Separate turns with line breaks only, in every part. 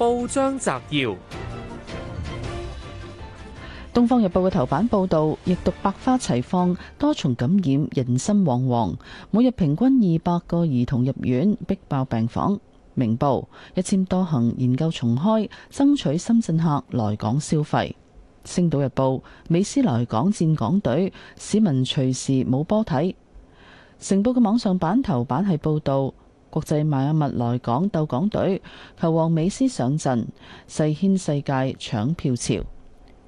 報章摘要：
《東方日報》嘅頭版報道，疫毒百花齊放，多重感染，人心惶惶，每日平均二百個兒童入院，逼爆病房。《明報》一簽多行研究重開，爭取深圳客來港消費。《星島日報》美斯來港戰港隊，市民隨時冇波睇。《成報》嘅網上版頭版係報道。國際邁阿密來港鬥港隊，球王美斯上陣，世軒世界搶票潮。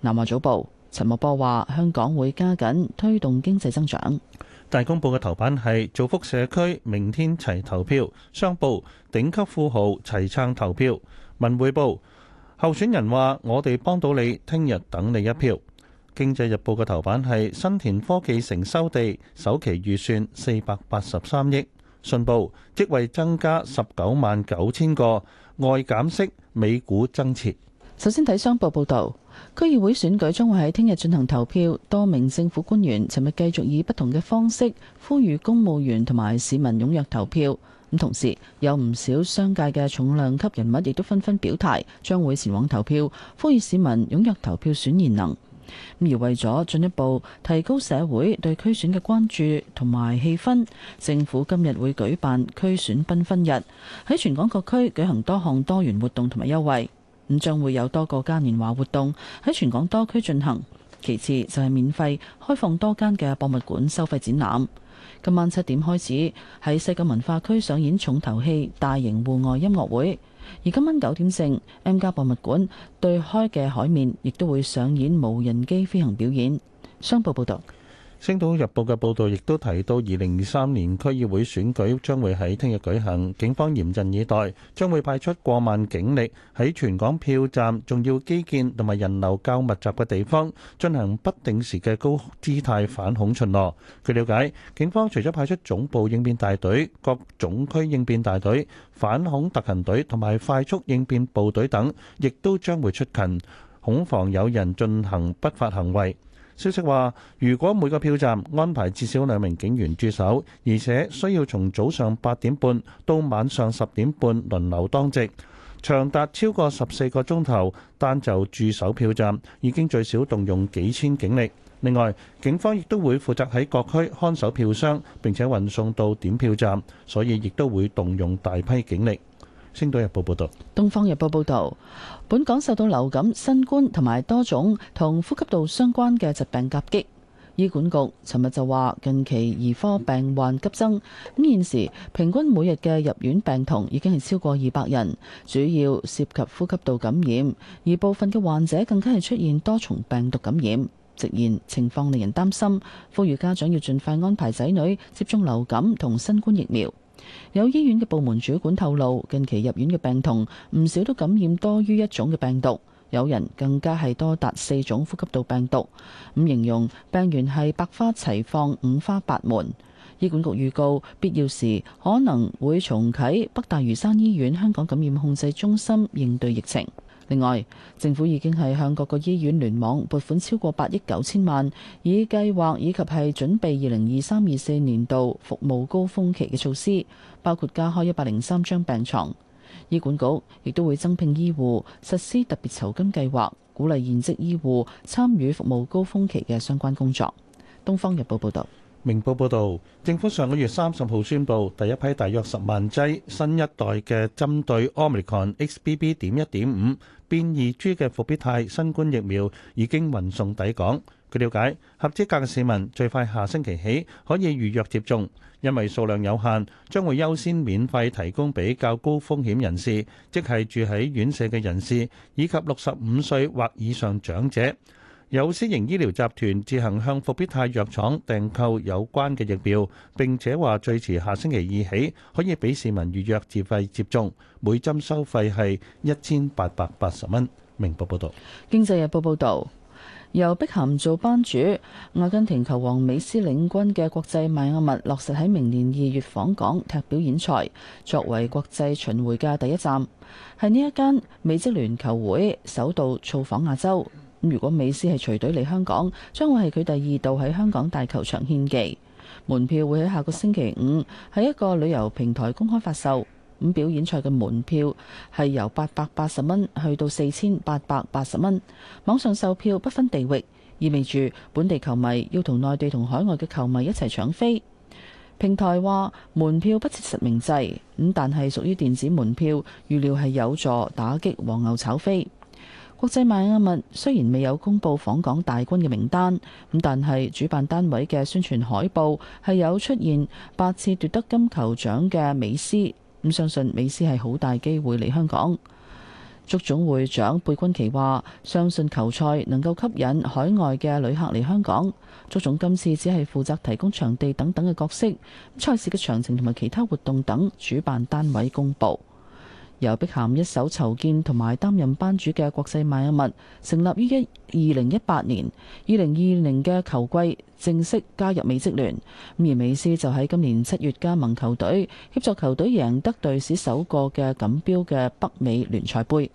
南華早報陳茂波話：香港會加緊推動經濟增長。
大公報嘅頭版係造福社區，明天齊投票。商報頂級富豪齊撐投票。文匯報候選人話：我哋幫到你，聽日等你一票。經濟日報嘅頭版係新田科技城收地，首期預算四百八十三億。信報職位增加十九萬九千個，外減息，美
股增持。首先睇商報報道，區議會選舉將會喺聽日進行投票，多名政府官員尋日繼續以不同嘅方式呼籲公務員同埋市民踊躍投票。咁同時有唔少商界嘅重量級人物亦都紛紛表態，將會前往投票，呼籲市民踊躍投票選賢能。而為咗進一步提高社會對區選嘅關注同埋氣氛，政府今日會舉辦區選繽紛日，喺全港各區舉行多項多元活動同埋優惠。咁將會有多個嘉年華活動喺全港多區進行。其次就係免費開放多間嘅博物館收費展覽。今晚七點開始喺西九文化區上演重頭戲大型戶外音樂會。而今晚九點正，M 家博物館對開嘅海面，亦都會上演無人機飛行表演。商報報道。
星島日報嘅報道亦都提到二零二三年區議會選舉將會喺聽日舉行,警方嚴陣以待,將會派出過萬警力,喺全港票站、重要基建同埋人流較密集的地方,進行不定時的高姿態反恐巡邏。據了解,警方除咗派出總部應變大隊,各總區應變大隊,反恐特勤隊同埋快速應變部隊等,亦都將會出勤,恐防有人進行不法行為。消息話，如果每個票站安排至少兩名警員駐守，而且需要從早上八點半到晚上十點半輪流當值，長達超過十四個鐘頭，單就駐守票站已經最少動用幾千警力。另外，警方亦都會負責喺各區看守票箱，並且運送到點票站，
所以亦都會動用大批警力。星島日報報道，東方日報報道，本港受到流感、新冠同埋多種同呼吸道相關嘅疾病夾擊。醫管局尋日就話，近期兒科病患急增，咁現時平均每日嘅入院病童已經係超過二百人，主要涉及呼吸道感染，而部分嘅患者更加係出現多重病毒感染，直言情況令人擔心，呼籲家長要盡快安排仔女接種流感同新冠疫苗。有醫院嘅部門主管透露，近期入院嘅病童唔少都感染多於一種嘅病毒，有人更加係多達四種呼吸道病毒，咁形容病原係百花齊放、五花八門。醫管局預告，必要時可能會重啟北大嶼山醫院香港感染控制中心應對疫情。另外，政府已經係向各個醫院聯網撥款超過八億九千萬以計劃以及係準備二零二三二四年度服務高峰期嘅措施，包括加開一百零三張病床。醫管局亦都會增聘醫護，實施特別酬金計劃，鼓勵現職醫護參與服務高峰期嘅相關工作。《東方日報》，報道，《明報》報道，
政府上個月
三十號宣布
第一批大約十萬劑新一代嘅針對 Omicron XBB. 點一點五。變異株嘅復必泰新冠疫苗已經運送抵港。據了解，合資格嘅市民最快下星期起可以預約接種，因為數量有限，將會優先免費提供比較高風險人士，即係住喺院舍嘅人士，以及六十五歲或以上長者。有私營醫療集團自行向復必泰藥廠訂購有關嘅疫苗，並且話最遲下星期二起可以俾市民預約自費接種，每針收費係一千八百八十蚊。明報報導，
《經濟日報》報導，由碧咸做班主，阿根廷球王美斯領軍嘅國際邁阿密落實喺明年二月訪港踢表演賽，作為國際巡迴嘅第一站，係呢一間美職聯球會首度造訪亞洲。咁如果美斯係隨隊嚟香港，將會係佢第二度喺香港大球場獻技。門票會喺下個星期五喺一個旅遊平台公開發售。咁表演賽嘅門票係由八百八十蚊去到四千八百八十蚊。網上售票不分地域，意味住本地球迷要同內地同海外嘅球迷一齊搶飛。平台話門票不設實名制，咁但係屬於電子門票，預料係有助打擊黃牛炒飛。國際邁阿密雖然未有公布訪港大軍嘅名單，咁但係主辦單位嘅宣傳海報係有出現八次奪得金球獎嘅美斯，咁相信美斯係好大機會嚟香港。足總會長貝君奇話：相信球賽能夠吸引海外嘅旅客嚟香港。足總今次只係負責提供場地等等嘅角色，賽事嘅詳情同埋其他活動等主辦單位公布。由碧咸一手籌建同埋擔任班主嘅國際邁阿密，成立於一二零一八年，二零二零嘅球季正式加入美職聯。而美斯就喺今年七月加盟球隊，協助球隊贏得隊史首個嘅錦標嘅北美聯賽杯。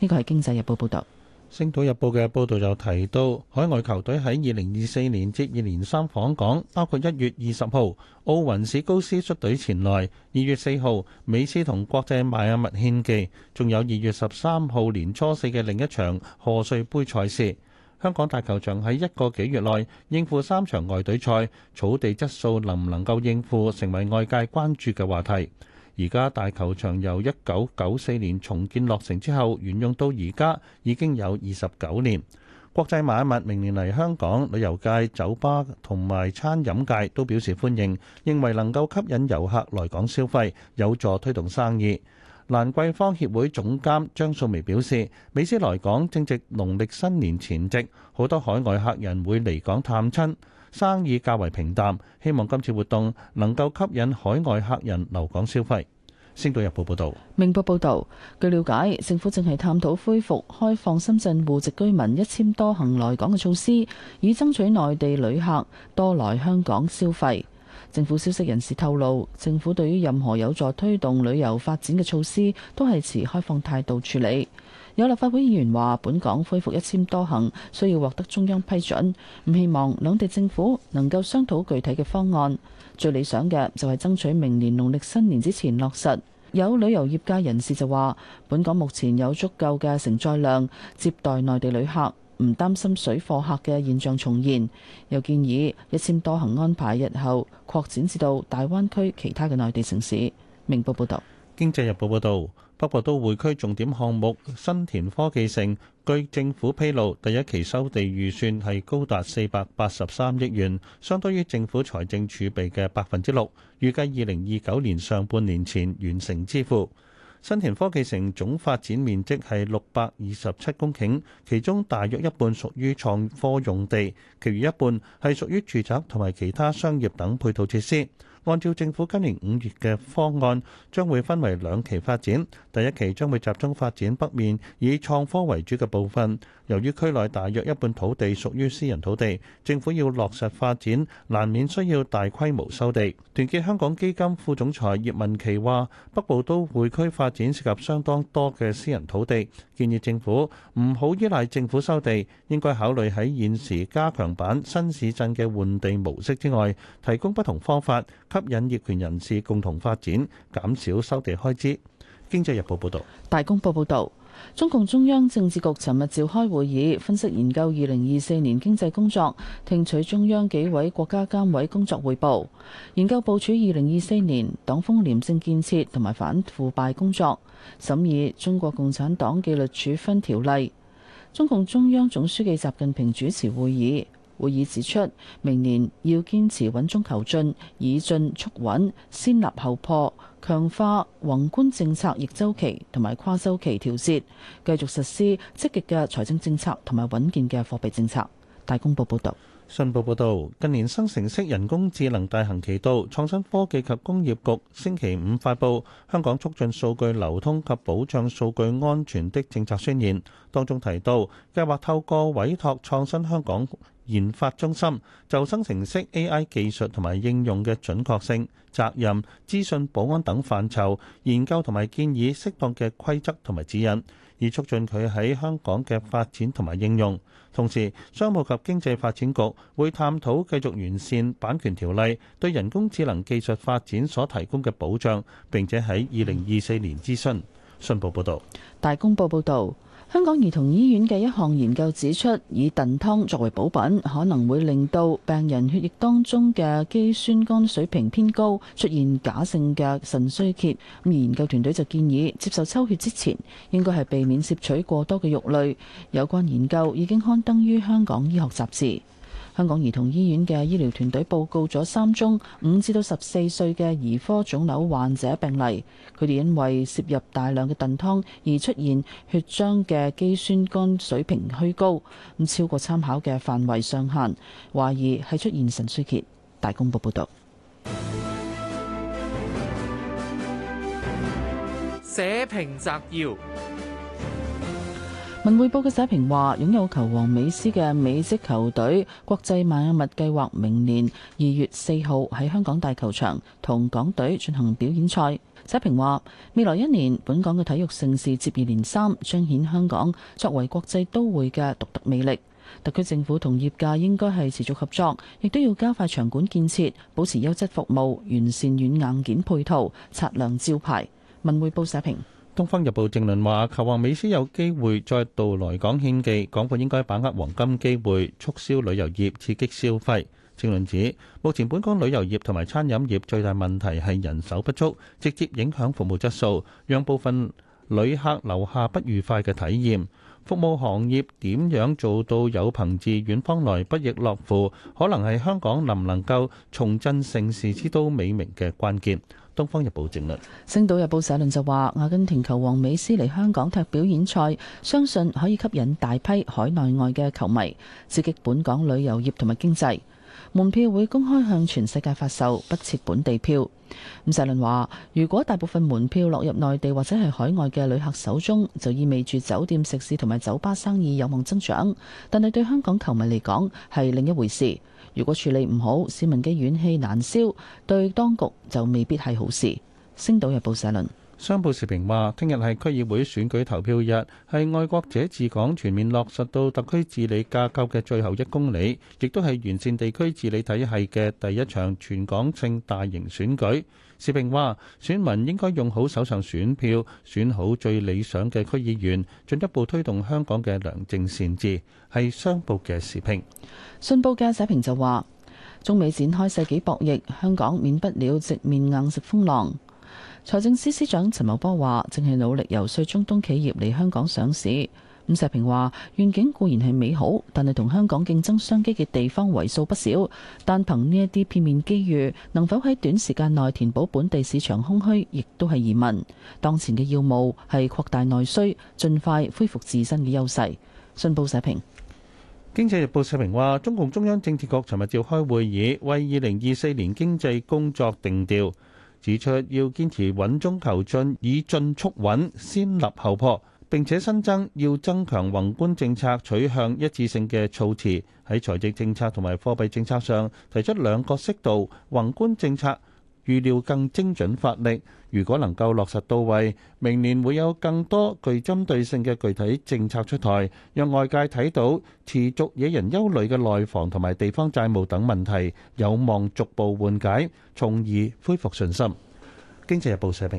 呢個係《經濟日報》報道。
星島日報嘅報道就提到，海外球隊喺二零二四年接二連三訪港，包括一月二十號奧雲史高斯率隊前來，二月四號美斯同國際邁阿密獻技，仲有二月十三號年初四嘅另一場賀歲盃賽事。香港大球場喺一個幾月內應付三場外隊賽，草地質素能唔能夠應付，成為外界關注嘅話題。而家大球場由一九九四年重建落成之後沿用到而家已經有二十九年。國際邁阿密明年嚟香港，旅遊界、酒吧同埋餐飲界都表示歡迎，認為能夠吸引遊客來港消費，有助推動生意。蘭桂坊協會總監張素薇表示，美斯來港正值農曆新年前夕，好多海外客人會嚟港探親。生意較為平淡，希望今次活動能夠吸引海外客人留港消費。星島日報報道，
明報報道，據了解，政府正係探討恢復開放深圳戶籍居民一簽多行來港嘅措施，以爭取內地旅客多來香港消費。政府消息人士透露，政府對於任何有助推動旅遊發展嘅措施，都係持開放態度處理。有立法會議員話：本港恢復一簽多行需要獲得中央批准，唔希望兩地政府能夠商討具體嘅方案。最理想嘅就係爭取明年農曆新年之前落實。有旅遊業界人士就話：本港目前有足夠嘅承載量接待內地旅客，唔擔心水貨客嘅現象重現。又建議一簽多行安排日後擴展至到大灣區其他嘅內地城市。明報報道。
經濟日報報導，北部都會區重點項目新田科技城，據政府披露，第一期收地預算係高達四百八十三億元，相當於政府財政儲備嘅百分之六，預計二零二九年上半年前完成支付。新田科技城總發展面積係六百二十七公頃，其中大約一半屬於創科用地，其餘一半係屬於住宅同埋其他商業等配套設施。按照政府吸引業權人士共同發
展，減少收地開支。經濟日報報道。大公報報道，中共中央政治局尋日召開會議，分析研究二零二四年經濟工作，聽取中央紀委國家監委工作彙報，研究部署二零二四年黨風廉政建設同埋反腐敗工作，審議《中國共產黨紀律處分條例》。中共中央總書記習近平主持會議。會議指出，明年要堅持穩中求進，以進促穩，先立後破，強化宏觀政策逆周期同埋跨周期調節，繼續實施積極嘅財政政策同埋穩健嘅貨幣政策。大公報報道。信
報報導，近年生成式人工智能大行其道，創新科技及工業局星期五發佈香港促進數據流通及保障數據安全的政策宣言，當中提到計劃透過委託創新香港研發中心，就生成式 AI 技術同埋應用嘅準確性、責任、資訊保安等範疇，研究同埋建議適當嘅規則同埋指引。以促進佢喺香港嘅發展同埋應用，同時商務及經濟發展局會探討繼續完善版權條例對人工智能技術發展所提供嘅保障，並且喺二零二四年諮詢。信報報道，
大公報報道。香港兒童醫院嘅一項研究指出，以燉湯作為補品，可能會令到病人血液當中嘅肌酸酐水平偏高，出現假性嘅腎衰竭。咁研究團隊就建議，接受抽血之前，應該係避免攝取過多嘅肉類。有關研究已經刊登於《香港醫學雜誌》。香港兒童醫院嘅醫療團隊報告咗三宗五至到十四歲嘅兒科腫瘤患者病例，佢哋因為攝入大量嘅燉湯而出現血漿嘅肌酸酐水平虛高，咁超過參考嘅範圍上限，懷疑係出現腎衰竭。大公報報道。
社評摘要。
文匯報嘅社評話，擁有球王美斯嘅美職球隊國際邁阿密計劃明年二月四號喺香港大球場同港隊進行表演賽。社評話，未來一年本港嘅體育盛事接二連三，彰顯香港作為國際都會嘅獨特魅力。特區政府同業界應該係持續合作，亦都要加快場館建設，保持優質服務，完善軟硬件配套，擦亮招牌。文匯報社評。
《東方日報》正論話：球王美斯有機會再度來港獻技，港府應該把握黃金機會促銷旅遊業，刺激消費。正論指，目前本港旅遊業同埋餐飲業最大問題係人手不足，直接影響服務質素，讓部分旅客留下不愉快嘅體驗。服務行業點樣做到有朋自遠方來不亦樂乎？可能係香港能唔能夠重振盛事之都美名嘅關鍵。《東方日
報》證實，《星島日報》社論就話：阿根廷球王美斯嚟香港踢表演賽，相信可以吸引大批海內外嘅球迷，刺激本港旅遊業同埋經濟。門票會公開向全世界發售，不設本地票。咁社論話：如果大部分門票落入內地或者係海外嘅旅客手中，就意味住酒店、食肆同埋酒吧生意有望增長。但係對香港球迷嚟講係另一回事。如果處理唔好，市民嘅怨氣難消，對當局就未必係好事。星島日報社論。
商報時評話：聽日係區議會選舉投票日，係愛國者治港全面落實到特區治理架構嘅最後一公里，亦都係完善地區治理體系嘅第一場全港性大型選舉。時評話：選民應該用好手上選票，選好最理想嘅區議員，進一步推動香港嘅良政善治。係商報嘅時評，
信報嘅社評就話：中美展開世紀博弈，香港免不了直面硬食風浪。財政司司長陳茂波話：，正係努力游說中東企業嚟香港上市。伍社評話：願景固然係美好，但係同香港競爭商機嘅地方為數不少。但憑呢一啲片面機遇，能否喺短時間內填補本地市場空虛，亦都係疑問。當前嘅要務係擴大內需，盡快恢復自身嘅優勢。信報社評，經濟日報社評話：中共中央政治局
尋日召開會議，為二零二四年經濟工作定調。指出要堅持穩中求進，以進促穩，先立後破。並且新增要增強宏觀政策取向一致性嘅措辭，喺財政政策同埋貨幣政策上提出兩個適度宏觀政策。預料更精準發力，如果能夠落實到位，明年會有更多具針對性嘅具體政策出台，讓外界睇到持續惹人憂慮嘅內房同埋地方債務等問題有望逐步緩解，從而恢復信心。經濟日報社評。